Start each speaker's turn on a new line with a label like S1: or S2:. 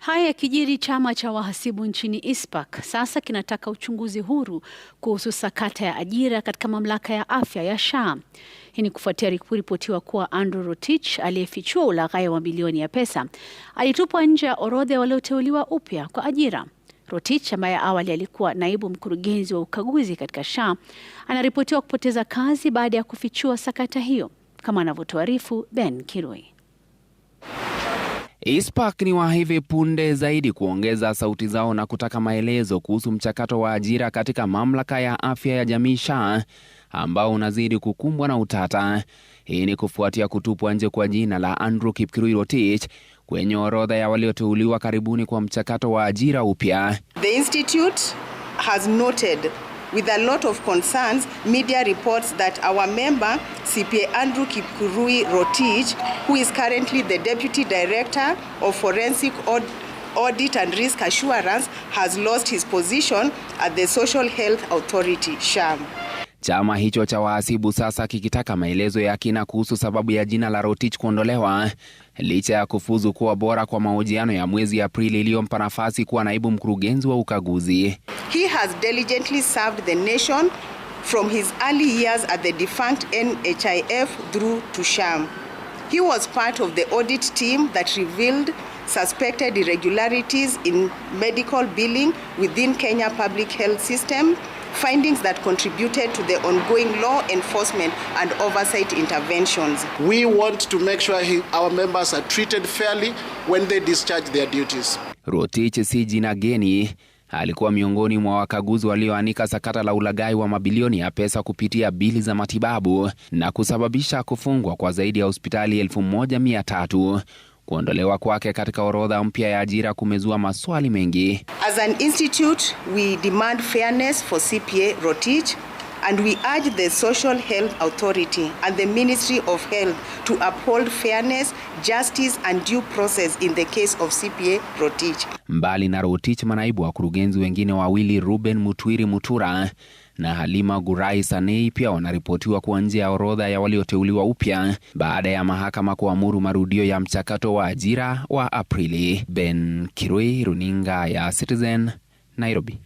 S1: Haya yakijiri, chama cha wahasibu nchini ispak sasa kinataka uchunguzi huru kuhusu sakata ya ajira katika mamlaka ya afya ya SHA. Hii ni kufuatia kuripotiwa kuwa Andrew Rotich aliyefichua ulaghai wa milioni ya pesa alitupwa nje ya orodha ya walioteuliwa upya kwa ajira. Rotich ambaye awali alikuwa naibu mkurugenzi wa ukaguzi katika SHA anaripotiwa kupoteza kazi baada ya kufichua sakata hiyo, kama anavyotuarifu Ben Kirui.
S2: Ispak ni wa hivi punde zaidi kuongeza sauti zao na kutaka maelezo kuhusu mchakato wa ajira katika mamlaka ya afya ya jamii SHA ambao unazidi kukumbwa na utata. Hii ni kufuatia kutupwa nje kwa jina la Andrew Kipkirui Rotich kwenye orodha ya walioteuliwa karibuni kwa mchakato wa ajira upya.
S3: The institute has noted with a lot of concerns media reports that our member CPA Andrew kikurui Rotich who is currently the deputy director of forensic audit audit and risk assurance has lost his position at the Social Health Authority, SHAM.
S2: Chama hicho cha wahasibu sasa kikitaka maelezo ya kina kuhusu sababu ya jina la Rotich kuondolewa licha ya kufuzu kuwa bora kwa mahojiano ya mwezi Aprili iliyompa nafasi kuwa naibu mkurugenzi wa ukaguzi.
S3: He has diligently served the nation from his early years at the defunct NHIF through to sham. He was part of the audit team that revealed suspected irregularities in medical billing within Kenya public health system, findings that contributed to the ongoing law enforcement and oversight interventions.
S4: We want to make sure he, our members are treated fairly when they discharge their duties.
S2: Rotich Sijinageni alikuwa miongoni mwa wakaguzi walioanika sakata la ulaghai wa mabilioni ya pesa kupitia bili za matibabu na kusababisha kufungwa kwa zaidi ya hospitali 1300. Kuondolewa kwake katika orodha mpya ya ajira kumezua maswali mengi.
S3: As an institute, we demand fairness for CPA, Rotich and we urge the Social Health Authority and the Ministry of Health to uphold fairness, justice and due process in the case of CPA Rotich.
S2: Mbali na Rotich, manaibu wakurugenzi wengine wawili Ruben Mutwiri Mutura na Halima Gurai Sanei pia wanaripotiwa kuwa nje ya orodha ya walioteuliwa upya baada ya mahakama kuamuru marudio ya mchakato wa ajira wa Aprili. Ben Kirui, Runinga ya Citizen, Nairobi.